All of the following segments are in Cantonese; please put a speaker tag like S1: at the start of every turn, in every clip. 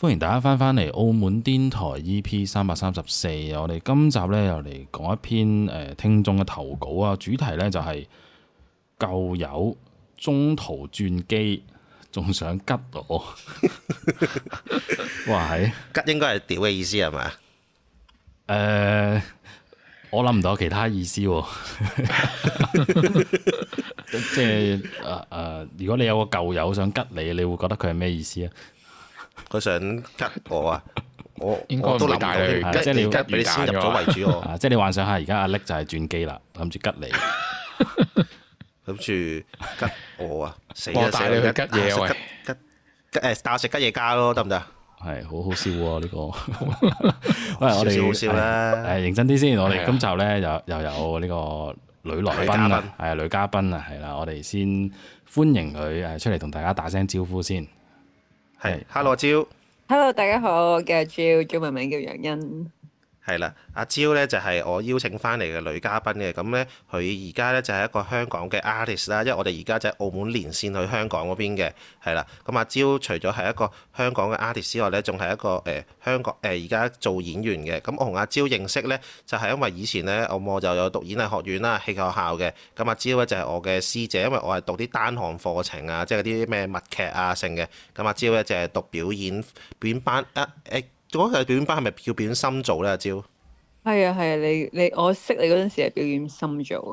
S1: 歡迎大家翻返嚟澳門電台 EP 三百三十四，我哋今集咧又嚟講一篇誒聽眾嘅投稿啊，主題咧就係舊友中途轉機，仲想吉我， 哇係，吉應該係屌嘅意思係咪啊？誒、呃，我諗唔到其他意思，即係誒誒，如果你有個舊友想吉你，你會覺得佢係咩意思啊？
S2: 佢想吉我啊！我我都諗過，即係你吉你先入咗為主哦。即係
S1: 你幻想下，而家阿叻就係轉機啦，諗住吉你，諗住吉我啊！死死死！吉嘢或
S2: 者吉吉誒，帶我食吉嘢加咯，得唔得？
S1: 係好好笑喎呢個，笑少少啦。誒，認真啲先，我哋今集咧又又有呢個女來賓啊，係女嘉賓啊，係啦，我哋先歡迎佢誒出嚟同大家打聲招呼先。係，哈羅 Jill。
S3: Hello，大家好，我叫阿 Jill，中文名叫楊昕。
S2: 係啦，阿蕉咧就係、是、我邀請翻嚟嘅女嘉賓嘅，咁咧佢而家咧就係、是、一個香港嘅 artist 啦，因為我哋而家就係澳門連線去香港嗰邊嘅，係啦。咁阿蕉除咗係一個香港嘅 artist 之外咧，仲係一個誒香港誒而家做演員嘅。咁我同阿蕉認識咧，就係、是、因為以前咧，我我就有讀演藝學院啦、戲劇學校嘅。咁阿蕉咧就係、是、我嘅師姐，因為我係讀啲單項課程啊，即係嗰啲咩默劇啊剩嘅。咁阿蕉咧就係、是、讀表演表演班一 A。啊啊啊嗰個表演班係咪叫表演深造咧？阿朝、
S3: 啊？係啊係啊，你你我識你嗰陣時係表演深造
S2: 啊。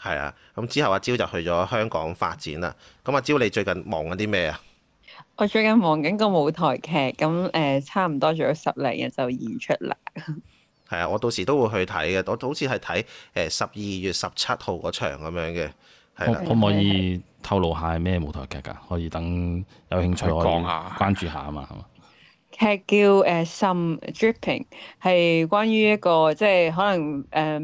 S2: 係啊，咁之後阿朝就去咗香港發展啦。咁阿朝你最近忙緊啲咩啊？
S3: 我最近忙緊個舞台劇，咁誒、呃、差唔多做咗十零日就演出啦。
S2: 係 啊，我到時都會去睇嘅。我好似係睇誒十二月十七號嗰場咁樣嘅。係啦、啊，可唔可以
S1: 透露下係咩舞台劇㗎、啊？可以等有興趣我講下關注下啊嘛。
S3: 劇叫《誒、呃、Some Dripping》，係關於一個，即係可能誒、呃，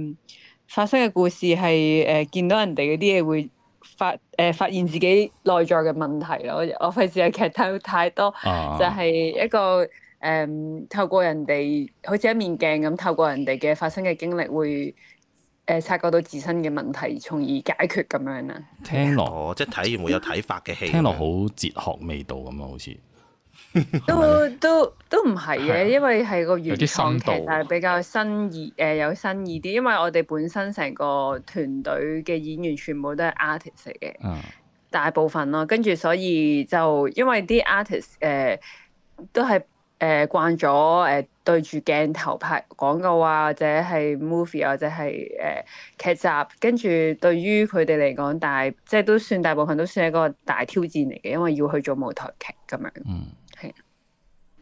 S3: 發生嘅故事，係、呃、誒見到人哋嗰啲嘢會發誒、呃、發現自己內在嘅問題咯。我費事嘅劇透，太多。啊、就係一個誒透過人哋好似一面鏡咁，透過人哋嘅發生嘅經歷會誒、呃、察覺到自身嘅問題，從而解決咁樣啦。
S4: 聽
S1: 落、 哦、即係睇完會有睇法嘅戲，聽落好哲學味道咁啊，好似～
S3: 都都都唔係嘅，因為係個原創劇，就係比較新意誒、呃，有新意啲。因為我哋本身成個團隊嘅演員全部都係 artist 嚟嘅，嗯、大部分咯。跟住所以就因為啲 artist 誒、呃、都係誒、呃、慣咗誒、呃、對住鏡頭拍廣告啊，或者係 movie、啊、或者係誒、呃、劇集。跟住對於佢哋嚟講，大即係都算大部分都算係一個大挑戰嚟嘅，因為要去做舞台劇咁樣。嗯
S2: 係，啊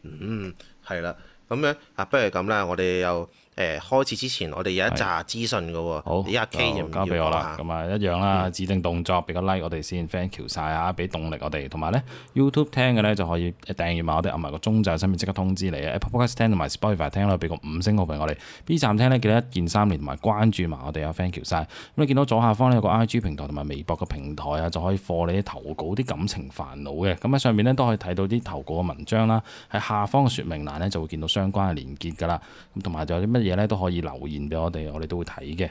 S2: 嗯，係啦，咁樣啊，不如咁啦，我哋又。誒開始之前，我哋有一紮資訊嘅喎，好，阿 K 交俾我啦。
S1: 咁啊，一樣啦，嗯、指定動作，俾個 like 我哋先 Thank you 晒啊，俾、嗯、動力我哋。同埋咧，YouTube 聽嘅咧就可以訂閱埋我哋，按埋個鐘就喺上面即刻通知你啊。Apple Podcast 同埋 Spotify 聽咧，俾個五星好評我哋。B 站聽呢，記得一鍵三連同埋關注埋我哋啊 Thank you 晒。咁你見到左下方呢有個 IG 平台同埋微博個平台啊，就可以放你啲投稿啲感情煩惱嘅。咁喺上面呢，都可以睇到啲投稿嘅文章啦。喺下方嘅説明欄呢，就會見到相關嘅連結㗎啦。咁同埋就有啲咩。嘢咧都可以留言俾我
S2: 哋，我哋都會睇嘅。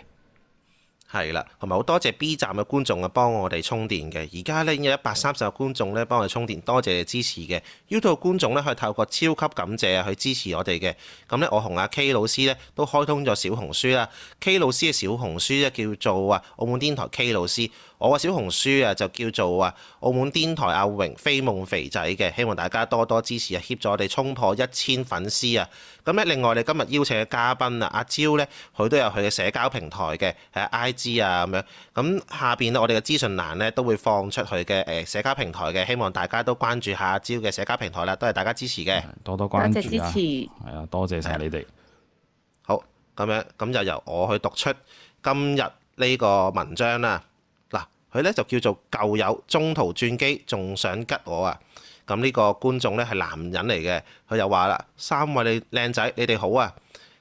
S2: 係啦，同埋好多謝 B 站嘅觀眾啊，幫我哋充電嘅。而家咧有一百三十個觀眾咧幫我哋充電，多謝你支持嘅。YouTube 觀眾咧可以透過超級感謝去支持我哋嘅。咁咧我同阿 K 老師咧都開通咗小紅書啦。K 老師嘅小紅書咧叫做啊澳門電台 K 老師。我嘅小紅書啊，就叫做啊澳門癲台阿榮飛夢肥仔嘅，希望大家多多支持啊，協助我哋衝破一千粉絲啊！咁咧，另外我哋今日邀請嘅嘉賓啊，阿招咧，佢都有佢嘅社交平台嘅，誒 I G 啊咁樣。咁下邊咧，我哋嘅資訊欄咧都會放出佢嘅誒社交平台嘅，希望大家都關注下阿招嘅社交平台啦。都係大家支持嘅，多多關注，多支持，係啊，多謝晒你哋。好，咁樣咁就由我去讀出今日呢個文章啦。佢咧就叫做基友中途轉機仲想吉我啊！咁、這、呢個觀眾咧係男人嚟嘅，佢又話啦：三位你靚仔，你哋好啊！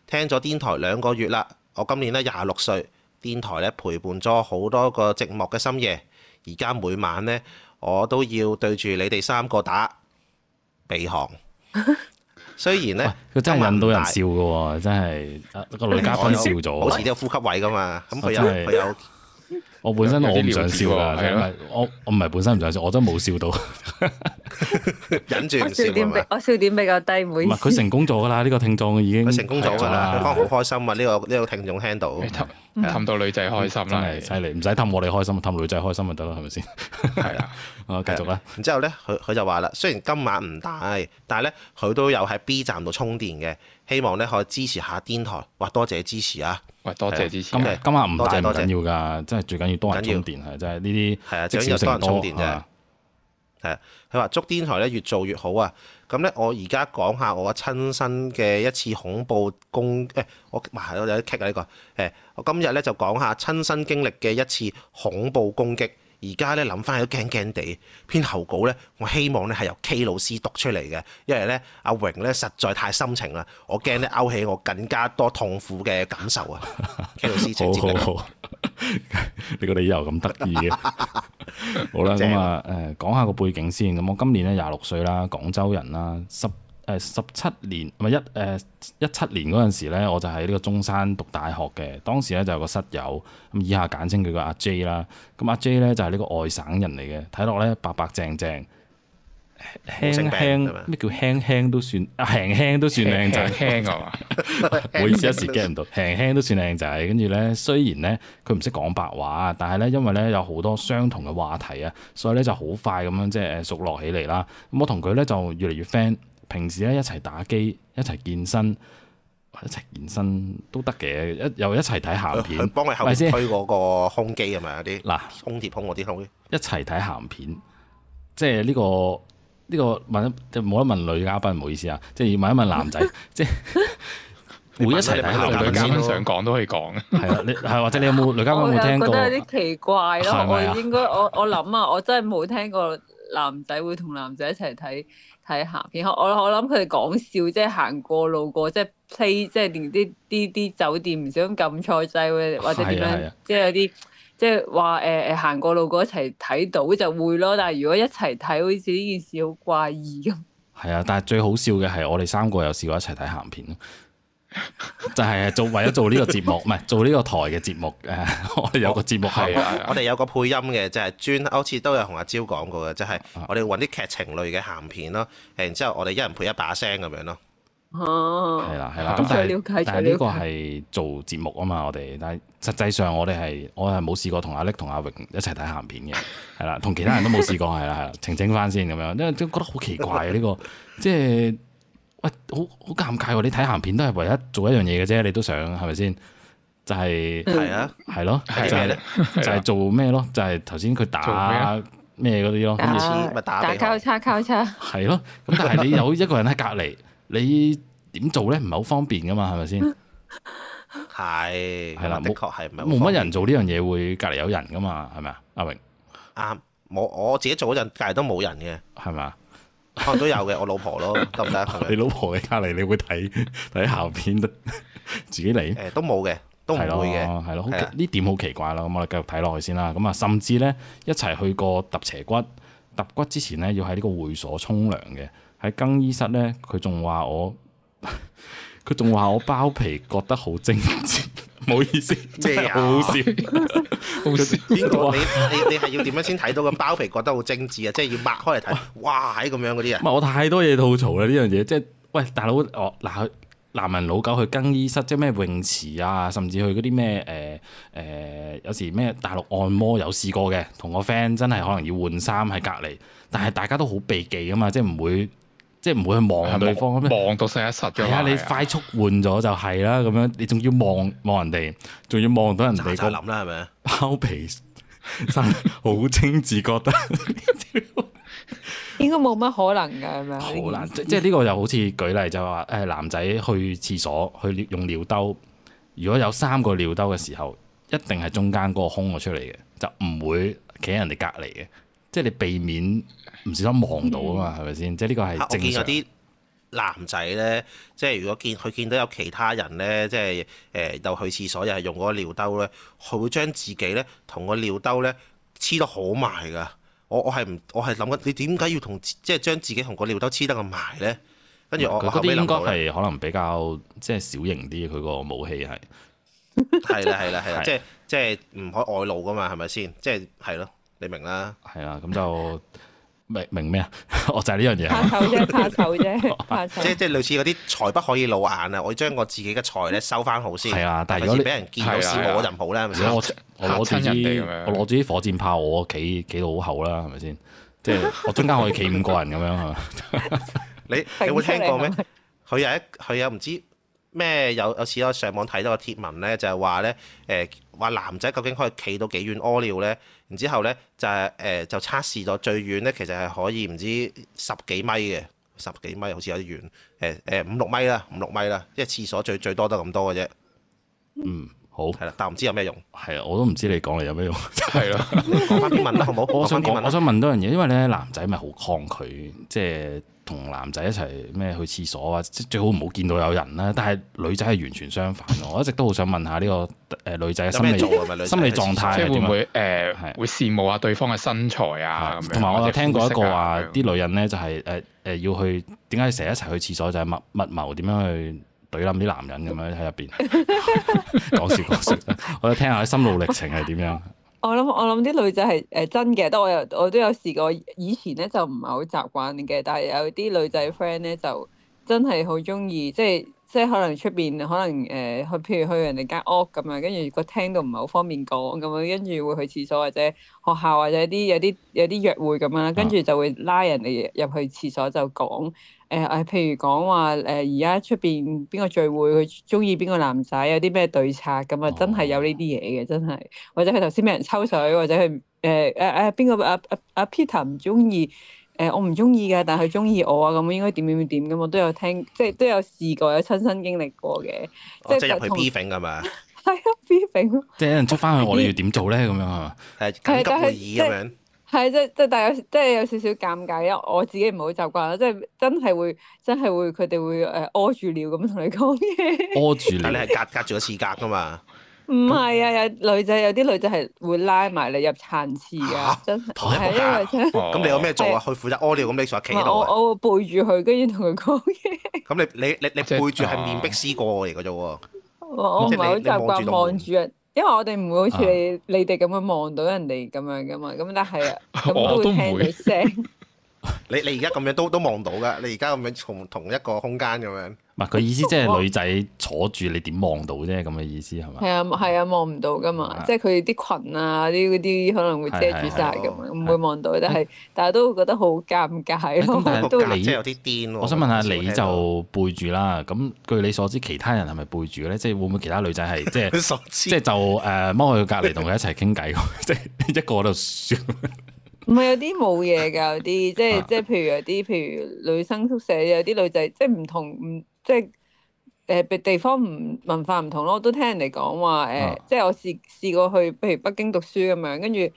S2: 聽咗電台兩個月啦，我今年咧廿六歲，電台咧陪伴咗好多個寂寞嘅深夜。而家每晚咧，我都要對住你哋三個打鼻鼾。雖然咧，
S1: 佢真係引到人笑㗎喎，真係有個女嘉賓笑咗，好似都
S2: 有呼吸位噶嘛。咁佢有佢有。
S1: 我本身我唔想笑噶、哦，我我唔係本身唔想笑，我都冇笑到，
S2: 忍住笑。
S3: 我笑點比，我笑點比較低，每次。唔係佢成
S1: 功咗噶啦，呢、這個聽眾已經成功咗噶啦，好了、啊、
S2: 開心啊！呢、 這個呢、這個聽眾聽到，
S3: 氹
S1: 到女
S2: 仔開心啦，犀利， 唔使氹我哋開心，氹女仔開心就得啦，係咪先？係 啊，我繼 續啦。然之後咧，佢佢就話啦，雖然今晚唔大，但係咧佢都有喺 B 站度充電嘅。希望咧可以支持下電台，哇！多謝支持啊！喂，多謝支持、啊。啊、今日今日唔多緊要㗎，真係謝最緊要多人充電係，真係呢啲啊，即係要多人充電啫。係啊，佢話、啊、祝電台咧越做越好啊！咁咧，我而家講下我親身嘅一次恐怖攻誒、欸，我哇我有啲劇啊呢個誒，我今日咧就講下親身經歷嘅一次恐怖攻擊。而家咧諗翻都驚驚地，編後稿咧，我希望咧係由 K 老師讀出嚟嘅，因為咧阿榮咧實在太深情啦，我驚咧勾起我更加多痛苦嘅感受啊
S1: ！K 老師請接。 好好好。你個理由咁得意嘅。
S4: 好啦，咁啊
S1: 誒，講下個背景先。咁我今年咧廿六歲啦，廣州人啦，濕。係十七年唔係一誒一七年嗰陣時咧，我就喺呢個中山讀大學嘅。當時咧就有個室友咁，以下簡稱佢個阿 J 啦、啊。咁、啊、阿 J 咧就係呢個外省人嚟嘅，睇落咧白白淨淨，輕輕咩叫輕輕都算啊，輕輕都算靚仔，輕輕係嘛，
S4: 唔好意思一時 get
S1: 唔到，輕輕 都算靚仔。跟住咧，雖然咧佢唔識講白話，但係咧因為咧有好多相同嘅話題啊，所以咧就好快咁樣即係熟絡起嚟啦。咁我同佢咧就越嚟越 friend。平時咧一齊打機，一齊健身，一齊健身都得
S2: 嘅。一又一齊睇鹹片，幫佢後先推嗰個胸肌係咪啊啲？嗱，胸貼胸嗰啲胸，一
S1: 齊睇鹹片，即係呢個呢個問，就冇得問女嘉賓，唔好意思啊，即係要問一問男仔，即
S4: 係會一齊睇鹹片，女嘉賓想講都
S1: 可以講。係 啊，你係或者你有冇女嘉賓有冇聽過？我覺
S3: 得有啲奇怪咯，係咪我應該我我諗啊，我真係冇聽過男仔會同男仔一齊睇。睇鹹片，我我諗佢哋講笑，即係行過路過，即係 play，即係連啲啲啲酒店唔想撳菜掣，或者點樣，啊啊、即係有啲即係話誒誒行過路過一齊睇到就會咯。但係如果一齊睇，好似呢件事好怪異咁。
S1: 係啊，但係最好笑嘅係我哋三個有試過一齊睇鹹片。 就係做為咗做呢個節目，唔係 做呢個台嘅節目。誒， 我哋有個節目係，我
S2: 哋有個配音嘅，就係專好似都有同阿蕉講過嘅，就係我哋揾啲劇情類嘅鹹片咯。然之後我哋一人配一把聲咁樣咯。
S3: 哦，係啦係啦。咁但係但係呢個係
S1: 做節目啊嘛，我哋但係實際上我哋係我係冇試過同阿力同阿榮一齊睇鹹片嘅，係啦，同其他人都冇試過係啦係啦。澄清翻先咁樣，因為都覺得好奇怪啊呢個即係。喂、欸，好好尷尬喎！你睇鹹片都係唯一做一樣嘢嘅啫，你都想係咪先？就係、是，係啊、
S2: 嗯，係咯，就係、
S1: 是、咧，就係、是、做咩咯？就係頭先佢打咩嗰啲咯，咁咪打交叉交叉。係後咯，咁但係你有一個人喺隔離， 你點做咧？唔係好方便㗎嘛，係咪先？係， 係啦，的確係冇乜人做呢樣嘢，會隔離有人㗎嘛？係咪啊？阿榮，
S2: 啊，我我自己做嗰陣，隔離都冇人嘅，係咪啊？我、 哦、都有嘅，我老婆咯，得唔得？ 你
S1: 老婆嘅隔籬，你會睇睇下片自己嚟來？誒、欸，都冇嘅，都唔了會嘅，係咯。呢點好奇怪啦！咁我哋繼續睇落去先啦。咁啊，甚至咧一齊去過揼斜骨，揼骨之前咧要喺呢個會所沖涼嘅，喺更衣室咧佢仲話我，佢仲話我包皮覺得好精緻。 唔
S2: 好意思，即係 好笑，好笑。邊 個你你你係要點樣先睇到咁包皮覺得好精緻啊？即係要擘開嚟睇，哇！喺咁哇樣嗰啲啊！唔係
S1: 我太多嘢吐槽啦呢樣嘢，即係喂大佬哦嗱，男人老狗去更衣室，即係咩泳池啊，甚至去嗰啲咩誒誒，有時咩大陸按摩有試過嘅，同個 friend 真係可能要換衫喺隔離，但係大家都好避忌啊嘛，即係唔會。即係唔會去望下對方咩？望到實一實嘅。係啊，你快速換咗就係啦。咁 樣你仲要望望人哋，仲要望到人哋個。雜誌啦係咪啊？包皮真好精緻，覺得
S3: 應該冇乜可能㗎係咪啊？好難即係呢
S1: 個又好似舉例就話誒男仔去廁所去用尿兜，如果有三個尿兜嘅時候， 一定係中間嗰個空咗出嚟嘅，就唔會企喺人哋隔離嘅。即係你避免唔小心望到啊嘛，係咪先？即係呢個係正常。我見
S2: 有啲男仔咧，即係如果見佢見到有其他人咧，即係誒又去廁所又係用嗰個尿兜咧，佢會將自己咧同個尿兜咧黐得好埋噶。我我係唔我係諗緊，你點解要同即係將自己同個尿兜黐得咁埋咧？跟住我、嗯、我後尾應該係
S1: 可能比較即係小型啲，佢個武器係
S2: 係啦係啦係啦，即係即係唔可外露噶嘛，係咪先？即係係咯。你明啦，係啊，咁就明明咩啊？我就係呢樣嘢，怕醜啫，怕醜啫，即即類似嗰啲財不可以露眼啊！我將我自己嘅財咧收翻好先。係啊，但係如果你俾人見到我就唔好啦。係咪？我攞住啲，我攞
S1: 住啲火箭炮，我企企到好後啦，係咪先？即我中間可以企五個人咁樣係
S2: 嘛？你會聽過咩？佢有一，佢又唔知。咩，有有次我上網睇到個貼文咧，就係話咧，誒、欸、話男仔究竟可以企到幾遠屙尿咧？然之後咧就係誒、欸、就測試咗最遠咧，其實係可以唔知十幾米嘅，十幾米好似有啲遠。誒、欸、誒五六米啦，五六米啦，即係廁所最最多得咁多嘅啫。嗯，好，係啦，但唔知有咩用。係啊，我都唔知你講嚟有咩用，係 咯是的，講返啲問啦，好唔好？ 我想講說，我
S1: 想問多樣嘢，因為咧男仔咪好抗拒，即係。同男仔一齊咩去廁所啊，最好唔好見到有人啦。但係女仔係完全相反。我一直都好想問下呢個誒女
S4: 仔嘅心理狀態，即係 會唔會誒、呃、會羨慕下對方嘅身材啊。同埋我有聽過一個話，啲女人咧就係誒誒要去，點解成日一齊去廁
S1: 所，就係密密謀，點樣去氹冧啲男人咁樣喺入邊講笑講笑。我哋聽下心路歷程係點樣。
S3: 我諗我諗啲女仔係誒真嘅，但我又我都有試過。以前咧就唔係好習慣嘅，但係有啲女仔 friend 咧就真係好中意，即係即係可能出邊可能誒去、呃，譬如去人哋間屋咁樣，跟住個廳度唔係好方便講咁樣，跟住會去廁所或者學校或者啲有啲有啲約會咁樣啦，跟住就會拉人哋入去廁所就講。誒誒，譬、呃、如講話誒，而家出邊邊個聚會，佢中意邊個男仔，有啲咩對策咁啊？真係有呢啲嘢嘅，真係。或者佢頭先俾人抽水，或者佢誒誒誒邊個阿阿 Peter 唔中意誒，我唔中意嘅，但係佢中意我啊，咁應該點點點咁？我都有聽，即係都有試過，有親身經歷過嘅。即係入去 Bing 㗎嘛跟？係啊，Bing。
S1: 即有人出翻去，我哋要點做咧？咁樣係緊急會議咁樣 S。
S3: 係，即即但有即有少少尷尬，因為我自己唔係好習慣啦，即真係會真係會佢哋會誒屙住尿咁同你講嘢。屙住你係隔
S2: 隔住個廁格㗎嘛？唔
S3: 係啊，有女仔有啲女仔係會拉埋你入殘廁啊，真係的。拖一個架。咁、啊、你有咩做啊？是
S2: 去負責屙尿，咁你仲企喺度？
S3: 我我背住佢，跟住同佢講嘢。
S2: 咁你你你你，你背住係面壁思過嚟嘅啫喎。
S3: 我唔係好習慣望住人。 因為我哋唔會好似你你哋咁樣望到人哋咁樣嘅嘛，咁、啊、但係啊，咁都 會聽到聲。哦
S2: 你你而家咁樣都都望到噶，你而家咁樣從同一個空間咁樣。唔係佢
S1: 意思，即係女仔坐住，你點望到啫？咁嘅意思係
S3: 咪？係啊，係啊，望唔到噶嘛。即係佢啲裙啊，啲啲可能會遮住晒咁樣，唔會望到。但係但係都會覺得好尷尬咯。都嚟，即係有
S2: 啲癲。我想問下，你就
S1: 背住啦。咁據你所知，其他人係咪背住咧？即係會唔會其他女仔係即係？即係就誒，踎去隔籬同佢一齊傾偈，即係一個喺度笑。
S3: 唔係有啲冇嘢㗎，有啲即係即係譬如有啲，譬如女生宿舍有啲女仔，即係唔同，唔即係誒、呃、地方唔文化唔同咯。我都聽人哋講話誒，呃啊、即係我試試過去，譬如北京讀書咁樣，跟住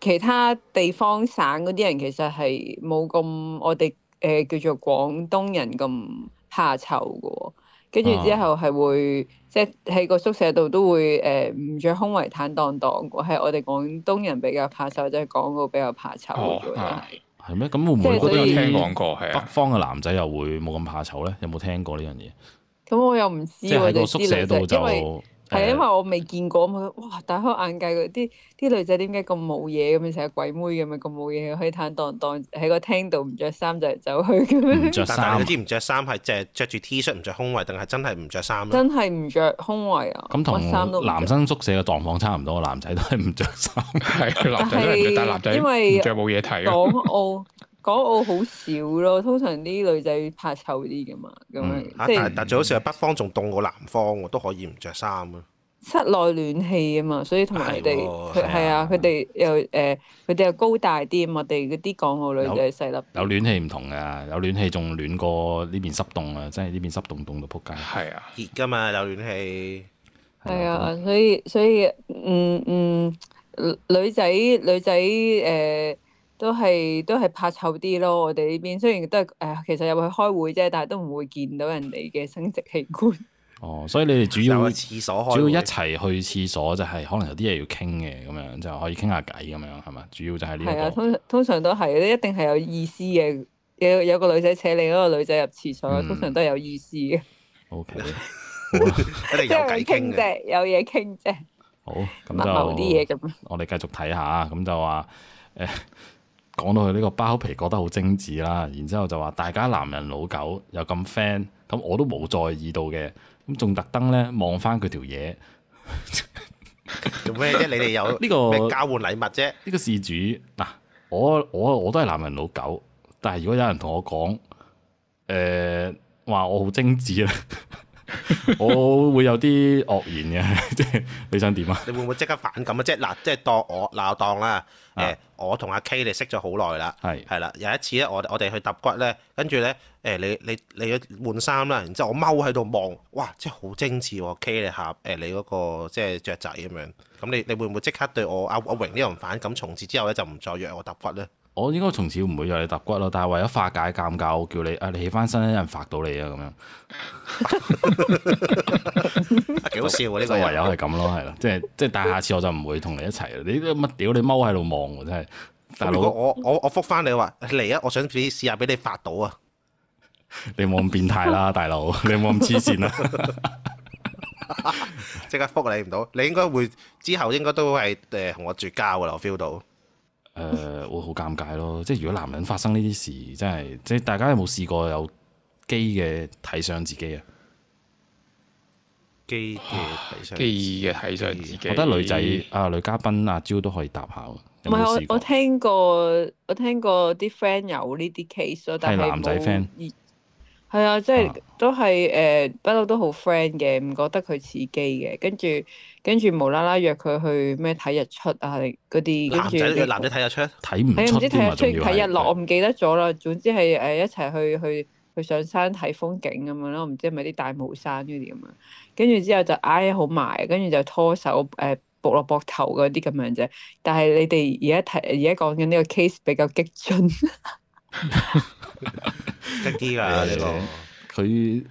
S3: 其他地方省嗰啲人其實係冇咁我哋誒、呃、叫做廣東人咁怕醜㗎喎。跟住之後係會，啊、即喺個宿舍度都會誒唔、呃、着胸圍坦蕩蕩嘅，係我哋廣東人比較怕醜，即係講個比較怕醜
S1: 嘅、哦。係、啊、咩？咁是會唔會都有以聽講過？係北方嘅男仔又會冇咁怕醜咧？有冇聽過呢樣嘢？
S3: 咁、嗯、我又唔知喎。喺個宿舍度就。係的因為我未見過，咁樣哇！大開眼界，啲啲女仔點解咁冇嘢咁？成日鬼妹咁樣，咁冇嘢可以坦蕩蕩喺個廳度唔着衫就走去嘅咩？ 但係嗰啲
S2: 唔着衫係淨係着住 T 恤，唔着胸圍，定係真係唔着衫咧？真
S3: 係唔着胸圍啊！咁同衫都男生
S1: 宿舍嘅狀況差唔多，男仔都係唔着衫，係 男仔都係大 是男仔，唔著
S2: 冇嘢睇港
S3: 澳。港澳好少咯，通常啲女仔怕臭啲噶嘛，咁啊，即係但係但係最
S2: 好笑係北方仲凍過南方，我都可以唔著衫啊。
S3: 室內暖氣啊嘛，所以同埋佢哋，係啊，佢哋又誒，佢哋又高大啲，我哋嗰啲港澳女仔細粒。
S1: 有暖氣唔同噶，有暖氣仲暖過呢邊濕凍啊！即係呢邊濕凍凍到仆街。係啊，熱噶嘛有暖氣。
S3: 係啊，所以所以嗯嗯女仔女仔誒。都係都係怕臭啲咯。我哋呢邊雖然都係誒，其實入去開會啫，但係都唔會見到人哋嘅生殖器官。
S1: 哦，所以你哋主要去廁所，主要一齊去廁所就係、是、可能有啲嘢要傾嘅，咁樣就可以傾下偈咁樣係嘛。主要就係呢、這個係啊，
S3: 通常通常都係一定係有意思嘅。有有個女仔扯你一個女仔入廁所，通常都係有意思嘅。
S4: O K，即係有
S3: 偈傾啫，有嘢傾啫。嗯、好
S1: 咁就某我哋繼續睇下咁就話誒。呃 講到佢呢個包皮覺得好精致啦，然之後就話大家男人老狗又咁 friend，咁我都冇在意到嘅，咁仲特登呢望翻佢條嘢
S2: 做咩啫？你哋有呢個 交換禮物啫？呢個事主嗱，
S1: 我我我都係男人老狗，但係如果有人同我講，誒、
S2: 呃、話我好精致咧。 我會有啲愕然嘅，即 係你想點啊？你會唔會即刻反感、欸、啊？即係嗱，即係當我鬧當啦，誒，我同阿 K 你識咗好耐啦，係係啦，有一次咧，我我哋去揼骨咧，跟住咧，誒，你你你換衫啦，然之後我踎喺度望，哇，真係好精致喎、啊，K 你下，誒、那個，你嗰個即係雀仔咁樣，咁你你會唔會即刻對我阿阿榮呢樣反感？從此之後咧就唔再約我揼骨咧？
S1: 我應該從此唔會讓你揼骨咯，但係為咗化解尷尬，我叫你啊，你起翻身，一人發到你啊，咁樣，
S2: 幾好笑啊！呢個唯有係
S1: 咁咯，係啦，即係即係，但係下次我就唔會同你一齊啦。你乜屌，你踎喺度望，真係大佬。
S2: 我我我覆返你話嚟啊！我想俾試下俾你發到啊！
S1: 你冇咁變態啦，大佬！你冇咁黐線啦！
S2: 即刻覆你唔到，你應該會之後應該都係誒同我絕交噶啦，我 feel 到。誒、 呃，我好
S1: 尷尬咯，即係如果男人發生呢啲事，真係即係大家有冇試過有基嘅睇相自己啊？基嘅睇
S2: 上，基嘅睇
S4: 相自己。啊、自己我覺得女仔
S1: 啊、呃，女嘉賓 Jill 都可以搭下。唔係是我
S3: 我聽過，我聽過啲 friend 有呢啲 case 咯，但係冇。係啊，即係都係誒，uh, 不嬲都好 friend 嘅，唔覺得佢似基嘅。跟住跟住無啦啦約佢去咩睇日出啊，嗰啲跟住。男仔生，後男仔睇
S2: 日出，睇唔出添啊！仲、哎、要係。睇日落，好我唔
S3: 記得咗啦。總之係誒、uh, 一齊去去去上山睇風景咁樣咯。唔知係咪啲大帽山呢啲咁樣？跟住之後就挨好埋，跟住就拖手誒，搏落膊頭嗰啲咁樣啫。但係你哋而家提，而家講緊呢個 case 比較激進。
S2: 激啲啦，呢個
S1: 佢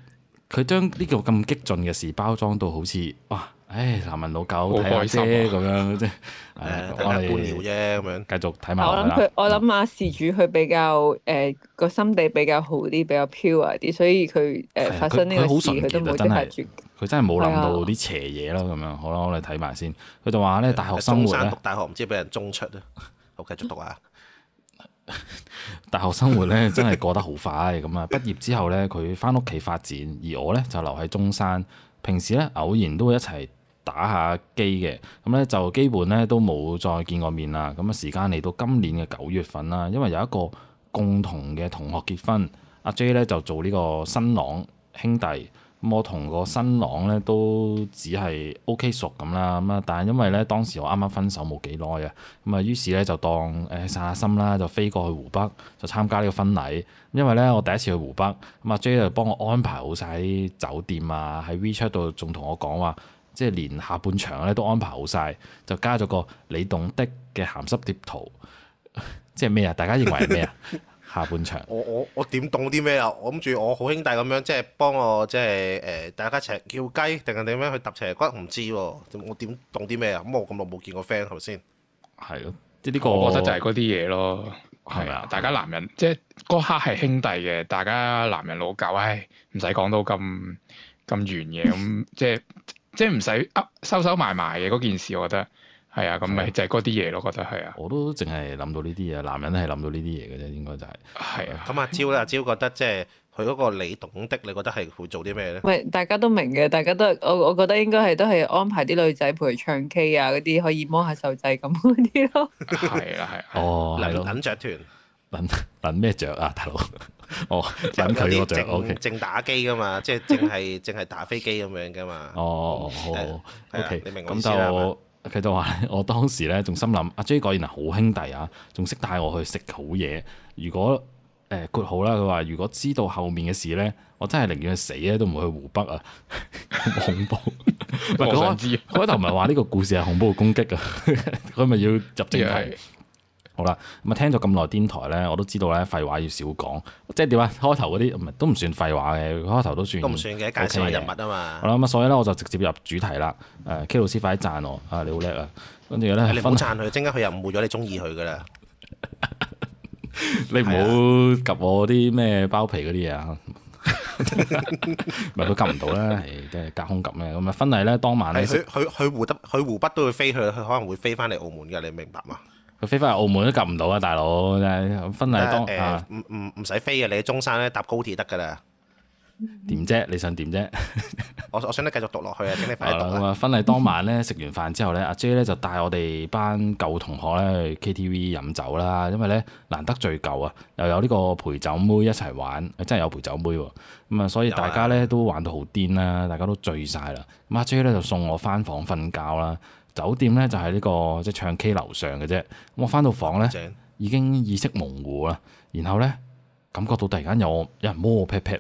S1: 佢將呢個咁激進嘅事包裝到好似哇，唉，難聞老狗睇下啫，咁樣啫，睇下官僚啫，咁樣繼續睇埋。我諗佢，
S3: 我諗阿事主佢比較誒個、呃、心地比較好啲，比較飄啊啲，所以佢誒、呃、嗯、發生呢個事，佢都冇真係絕，
S1: 佢真係冇諗到啲邪嘢咯，咁樣好啦，我哋睇埋先。佢就話咧，大學生活，讀
S2: 大學，唔 知俾人中出啦，好繼續讀啊。
S1: 大學生活咧真係過得好快，咁啊畢業之後咧佢返屋企發展，而我咧就留喺中山。平時咧偶然都會一齊打下機嘅，咁咧就基本咧都冇再見過面啦。咁啊時間嚟到今年嘅九月份啦，因為有一個共同嘅同學結婚，阿 J 咧就做呢個新郎兄弟。咁我同個新郎咧都只係 OK 熟咁啦，咁啊，但係因為咧當時我啱啱分手冇幾耐啊，咁啊，於是咧就當誒散下心啦，就飛過去湖北就參加呢個婚禮。因為咧我第一次去湖北，咁阿 J 就幫我安排好晒啲酒店啊，喺 WeChat 度仲同我講話，即係連下半場咧都安排好晒，就加咗個你懂的嘅鹹濕碟圖，即係咩啊？大家認為係咩啊？ 下半場，
S2: 我我我點懂啲咩啊？我諗住我，我，我好兄弟咁樣，即係幫我，即係誒、呃、大家一齊叫雞定係點樣去揼斜骨，唔知喎。我點懂啲咩啊？咁我咁耐冇見過 friend 係咪先？係咯，
S4: 即、這、呢個，我覺得就係嗰啲嘢咯，係咪啊？嗎大家男人即係嗰刻係兄弟嘅，大家男人老狗，唉，唔使講到咁咁圓嘢，咁 即係即係唔使收收埋埋嘅嗰件事，我覺得。係啊，咁咪就係嗰啲嘢咯，覺得係啊。我都淨係諗到呢啲嘢，男
S2: 人係諗到呢啲嘢嘅啫，應該就係。係啊。咁阿招阿招覺得即係佢嗰個你懂的，你覺得係會做啲咩咧？唔係，
S3: 大家都明嘅，大家都我我覺得應該係都係安排啲女仔陪佢唱 K 啊，嗰啲可以摸下手仔咁嗰啲咯。
S2: 係啊，係啊，哦，諗等雀團，
S1: 等諗咩雀啊大佬？哦，等佢啲正正
S2: 打機噶嘛，即係淨係淨係打飛機咁樣噶嘛。哦，OK，你明我意
S1: 佢就話：我當時咧仲心諗， 阿 J 果然係好兄弟啊，仲識帶我去食好嘢。如果誒括號啦，佢、呃、話如果知道後面嘅事咧，我真係寧願死咧，都唔會去湖北啊， 恐怖。 我想知開頭唔係話呢個故事係恐怖攻擊啊，佢 咪要入正題。Yeah, yeah. 好啦，咁啊，聽咗咁耐癲台咧，我都知道咧，廢話要少講，即係點啊？開頭嗰啲唔係都唔算廢話嘅，開頭都算都唔算嘅，介紹下人物啊嘛。好啦，咁所以咧，我就直接入主題啦。誒，K 老師快啲讚我啊，你好叻啊！跟住咧，你唔好讚
S2: 佢，陣間佢又誤會咗你中意佢噶啦。
S1: 你唔好及我啲咩包皮嗰啲嘢啊，咪佢及唔到啦，即係隔空及咩咁啊？婚禮咧，當晚咧，佢
S2: 佢湖北，佢湖北都會飛去，佢可能會飛翻嚟澳門噶，你明白嘛？
S1: 佢飛翻嚟澳門都及唔到啊，大佬！分係當嚇，唔唔
S2: 唔使飛嘅，你喺中山搭高鐵得㗎啦。點
S1: 啫？你想點啫？
S2: 我 我想你繼續讀落去啊！請你
S1: 快啲讀啊！婚禮當晚咧，食完飯之後咧，阿 J 咧就帶我哋班舊同學咧去 K T V 飲酒啦。因為咧難得聚舊啊，又有呢個陪酒妹一齊玩，啊、真係有陪酒妹咁啊！所以大家咧都玩到好癲啦，大家都醉晒啦。咁阿 J 咧就送我翻房瞓覺啦。酒店咧就喺呢、這個即係、就是、唱 K 樓上嘅啫。咁我翻到房咧棒已經意識模糊啦，然後咧感覺到突然間有有人摸我 pat pat。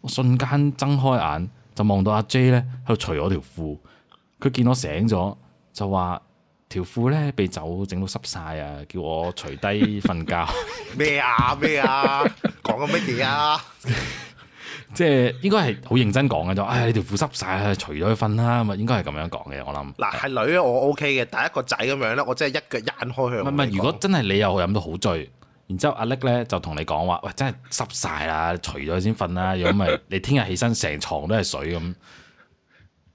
S1: 我瞬間睜開眼就望到阿 J 咧喺度除我條褲，佢見我醒咗就話條褲咧被酒整到濕晒啊，叫我除低瞓覺。
S2: 咩啊咩啊，講緊乜嘢啊？啊
S1: 即係應該係好認真講嘅啫。唉、哎，你條褲濕晒啊，除咗去瞓啦，咪應該係咁樣講嘅。我諗
S2: 嗱係女我 OK 嘅，但一個仔咁樣咧，我真係一腳踹開佢。
S1: 唔唔，如果真係你又飲到好醉。然之後阿叻呢就同你講話，喂，真係濕晒啦，除咗先瞓啦，如果唔係
S4: 你聽日起身成床都係水咁。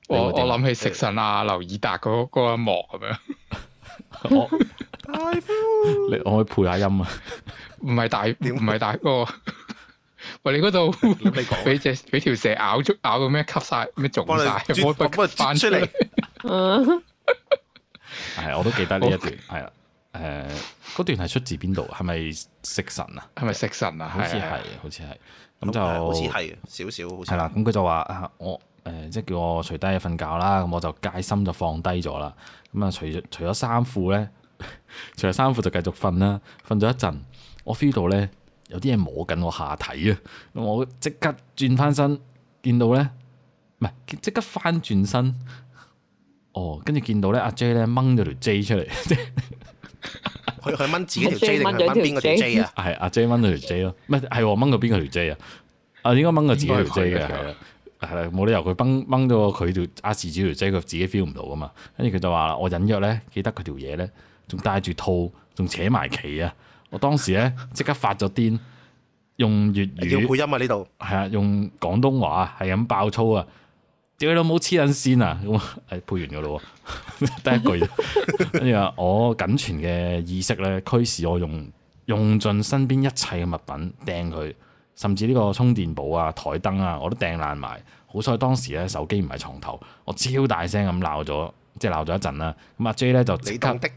S4: 我我諗起食神啊，劉以達嗰一幕咁樣。我大哥，你我去配下音啊？唔係大唔係大哥，喂，你嗰度俾隻俾條蛇咬咗，咬到咩吸晒，咩腫晒，我我翻出嚟。係，我都記得呢一段，係啦。誒，嗰、呃、段係出自邊度？
S1: 係咪食神啊？係咪食神啊？好似係，小小好似係。咁、啊、就好似係少少，好似係啦。咁佢就話：我誒、呃，即係叫我除低瞓覺啦。咁我就戒心就放低咗啦。咁、嗯、啊，除咗除咗衫褲咧，除咗衫褲就繼續瞓啦。瞓咗一陣，我 feel 到咧有啲嘢摸緊我下體啊！咁我即刻轉翻身，見到咧唔係，即刻翻轉身，哦，跟住見到咧阿、啊、J 咧掹咗條 J 出嚟。
S2: 佢去
S1: 掹自己條 J 定掹邊個條 J 啊？係阿 J 掹咗條 J 咯，咩係掹過邊個條 J 啊？啊，應該掹過自己條 J 嘅，係啊的，係啦，冇理由佢掹掹咗佢條阿自主條 J，佢自己 feel 唔到㗎嘛。跟住佢就話：我隱約咧記得佢條嘢咧，仲戴住套，仲扯埋旗啊！我當時咧即刻發咗癲， 用粵語配音啊呢度，係啊，用廣東話係咁爆粗啊！屌你老母黐緊線啊！咁誒，配完噶了咯，
S4: 第 一句。
S1: 跟住話，我僅存嘅意識咧，驅使我用用盡身邊一切嘅物品掟佢，甚至呢個充電寶啊、台燈啊，我都掟爛埋。好彩當時咧，手機唔係床頭，我超大聲咁鬧咗，即係鬧咗一陣啦。咁阿 J 咧就即刻，的，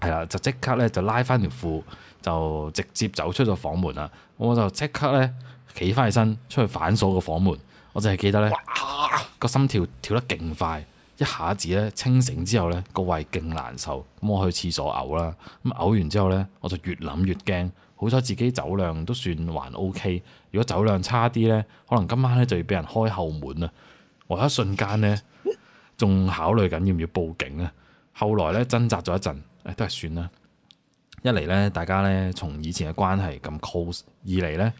S1: 係啦，就即刻咧就拉翻條褲，就直接走出咗房門啦。我就即刻咧企翻起身，出去反鎖個房門。我就係記得呢個、啊、心跳跳得勁快，一下子呢，清醒之後呢個胃勁難受，咁我去廁所嘔啦。咁嘔完之後呢，我就越諗越驚。好彩自己酒量都算還 OK，如果酒量差啲呢，可能今晚呢就要俾人開後門啦。我一瞬間呢，仲考慮緊要唔要報警啊。後來呢，掙扎咗一陣、哎，都係算啦。一嚟呢，大家呢，從以前嘅關係咁 close，二嚟呢。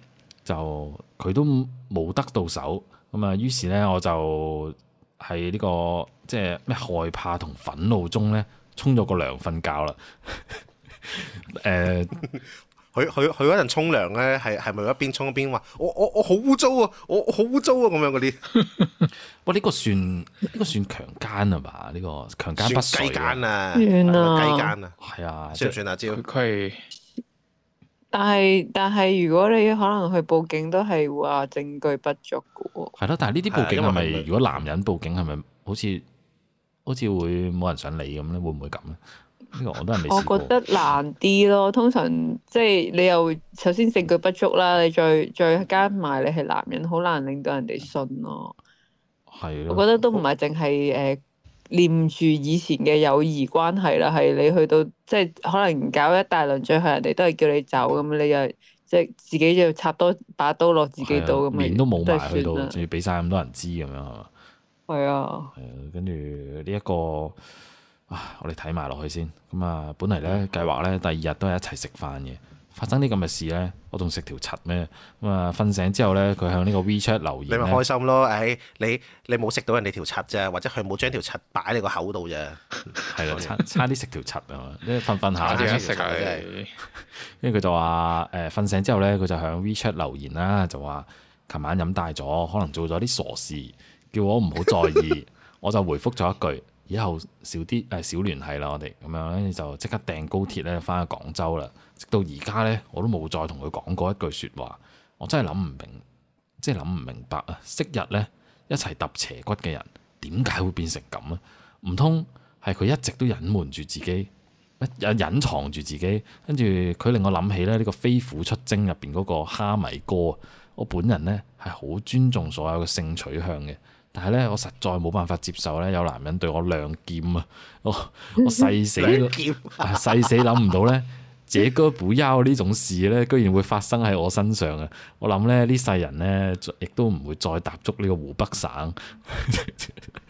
S1: 就佢都冇得到手，咁啊。於是咧，我就喺呢、這個即係咩害怕
S2: 同憤怒中咧，沖咗個涼瞓覺啦。誒、 呃，佢佢佢嗰陣沖涼咧，係係咪，一邊沖一邊話我我我好污糟啊，我好污糟啊咁樣嗰啲。
S1: 哇！呢、這個算呢、這個算強奸啊嘛？呢、這個
S2: 強奸，不遂，雞姦啊，雞姦啊，係啊、哎呀，算唔算那佢。就是
S3: 但係但係，如果你可能去報警，都係話證據不足嘅喎、
S1: 哦。係 咯，但係呢啲報警係咪？如果男人報警是是，係咪好似好似會冇人想理咁咧？會唔會咁咧？呢 個我都係未。我覺
S3: 得難啲咯。通常即係你又首先證據不足啦，你再再加埋你係男人，好難令到人哋信咯。係咯。 是我覺得都唔係淨係誒。呃念住以前嘅友誼關係啦，係你去到即係可能搞一大輪，最後人哋都係叫你走咁，你又即係自己就插多把刀落自己度咁，啊、面都冇埋去到，仲要
S1: 俾晒咁多人知咁樣係嘛？
S3: 係啊，係啊、這
S1: 個，跟住呢一個啊，我哋睇埋落去先咁啊，本嚟咧計劃咧第二日都係一齊食飯嘅。發生啲咁嘅事呢，我仲食條柒咩？咁啊，瞓醒之後呢，佢向呢個 WeChat
S2: 留言，你咪開心咯！唉、哎，你你冇食到人哋條柒啫，或者佢冇將條柒擺你個口度啫。係啦 ，
S1: 差啲食條柒啊！即瞓瞓下點樣食啊？跟住佢就話，誒、就是，瞓醒之後呢，佢就向 WeChat 留言啦，就話琴晚飲大咗，可能做咗啲傻事，叫我唔好在意， 我就回覆咗一句。以後少啲誒少聯繫啦，啊、我哋咁樣咧就即刻訂高鐵咧翻去廣州啦。直到而家咧，我都冇再同佢講過一句説話。我真係諗唔明，即係諗唔明白啊！昔日咧一齊揼邪骨嘅人，點解會變成咁啊？唔通係佢一直都隱瞞住自己，隱藏住自己？跟住佢令我諗起咧呢、這個《飛虎出征》入邊嗰個蝦米哥。我本人咧係好尊重所有嘅性取向嘅。但係咧，我實在冇辦法接受咧，有男人對我亮劍啊！我我誓死，誓 死諗唔到咧，姐哥不休呢種事咧，居然會發生喺我身上啊！我諗咧，呢世人咧，亦都唔會再踏足呢個湖北省。呢、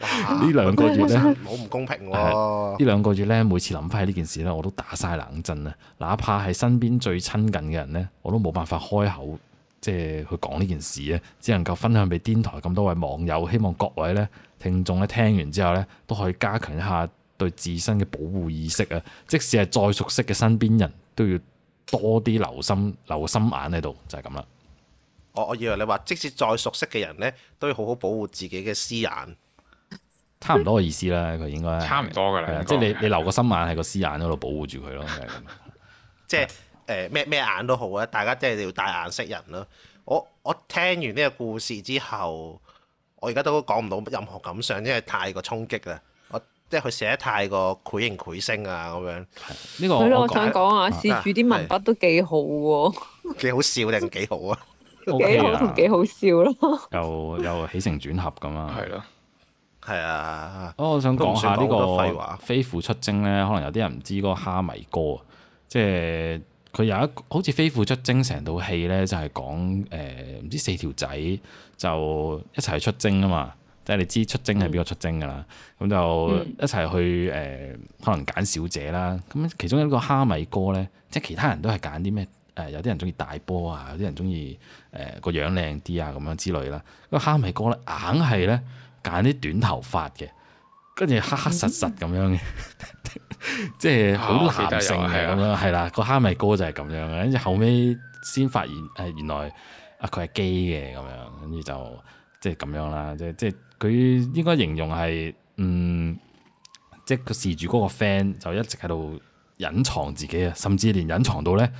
S1: 啊、兩個月咧，好
S2: 唔公平咯！呢
S1: 兩個月咧，每次諗翻起呢件事咧，我都打晒冷震啊！哪怕係身邊最親近嘅人咧，我都冇辦法開口。即係佢講呢件事呢，只能夠分享俾癲台咁多位網友，希望各位呢，聽眾呢聽完之後呢，都可以加強一下對自身嘅保護意識啊！即使係再熟悉嘅身邊人都要多啲留心、留個心眼喺度，就係咁啦。
S2: 我以為你話，即使再熟悉嘅人呢，都要好好保護自己嘅私眼。
S1: 差唔多嘅意思啦，佢應該係差唔多噶啦，即係你你留個心眼喺個私眼嗰度保護住佢咯，就係咁。即
S2: 係。誒咩咩眼都好啊！大家即係要戴眼識人咯，啊。我我聽完呢個故事之後，我而家都講唔到任何感想，因為太過衝擊啦。我即係佢寫得太過繪形繪聲啊咁樣。呢這個。我想講是啊，事主啲文
S3: 筆都幾好喎。
S2: 幾好笑定幾好啊？幾 好同
S3: 幾好笑咯？
S1: 又又起承轉合咁啊！係
S2: 咯，係啊。我我想講下呢個廢話
S1: 飛虎出征咧，可能有啲人唔知嗰個蝦米歌，即係。佢有一個好似飛虎出征成套戲咧，就係講誒唔、呃、知四條仔就一齊出征啊嘛！即係你知出征係邊個出征噶啦？咁、嗯、就一齊去誒、呃，可能揀小姐啦。咁其中一個蝦米哥咧，即係其他人都係揀啲咩誒？有啲人中意大波啊，有啲人中意誒個樣靚啲啊，咁樣之類啦。個蝦米哥咧，硬係咧揀啲短頭髮嘅，跟住黑黑實實咁樣嘅。嗯嗯 即係好男性嘅咁樣，係啦的、嗯，那個蝦米哥就係咁樣嘅，跟住後尾先發現係原來啊佢係基嘅咁樣，跟住就即係咁樣啦，即係即係佢應該形容係嗯，即係佢視住嗰個 friend 就一直喺度隱藏自己啊，甚至連隱藏到咧